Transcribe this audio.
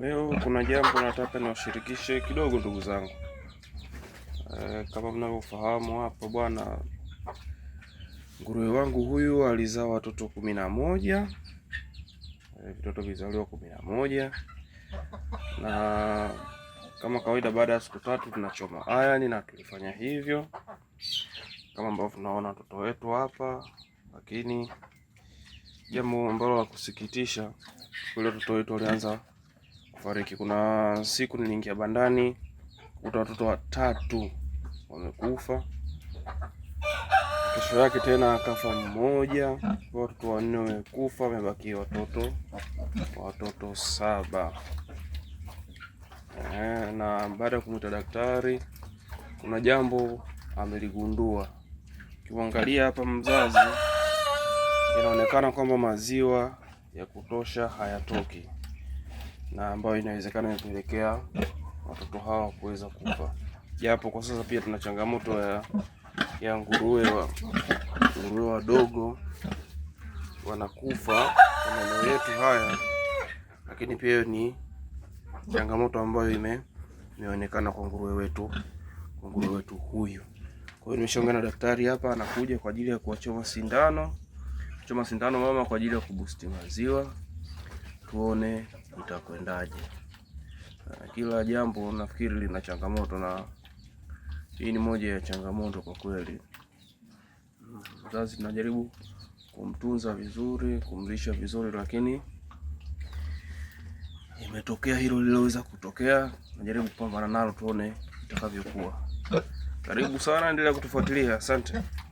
Leo kuna jambo nataka niwashirikishe kidogo ndugu zangu. E, kama mnavyofahamu hapa bwana, nguruwe wangu huyu alizaa watoto kumi na moja. E, eh, vitoto vizaliwa kumi na moja na kama kawaida, baada ya siku tatu tunachoma ayani, na tulifanya hivyo kama ambavyo tunaona watoto wetu hapa, lakini jambo ambalo la kusikitisha, kule watoto wetu walianza fariki Kuna siku niliingia bandani kuta watoto watatu wamekufa, kesho yake tena akafa mmoja, watoto wanne wamekufa, wamebaki watoto watoto saba. Eh, na baada ya kumwita daktari, kuna jambo ameligundua. Ukiangalia hapa mzazi, inaonekana kwamba maziwa ya kutosha hayatoki na ambayo inawezekana imepelekea watoto hawa kuweza kufa, japo kwa sasa pia tuna changamoto ya ya nguruwe wa nguruwe wadogo wanakufa maeneo yetu haya, lakini pia ni changamoto ambayo ime imeonekana kwa nguruwe wetu kwa nguruwe wetu huyu. Kwa hiyo nimeshaongea na daktari hapa, anakuja kwa ajili ya kuwachoma sindano, choma sindano mama kwa ajili ya kubusti maziwa, tuone itakwendaje. Kila jambo nafikiri lina changamoto, na hii ni moja ya changamoto kwa kweli. Mzazi tunajaribu kumtunza vizuri, kumlisha vizuri, lakini imetokea hilo liloweza kutokea. Najaribu kupambana nalo, tuone itakavyokuwa. Karibu sana, endelea kutufuatilia. Asante.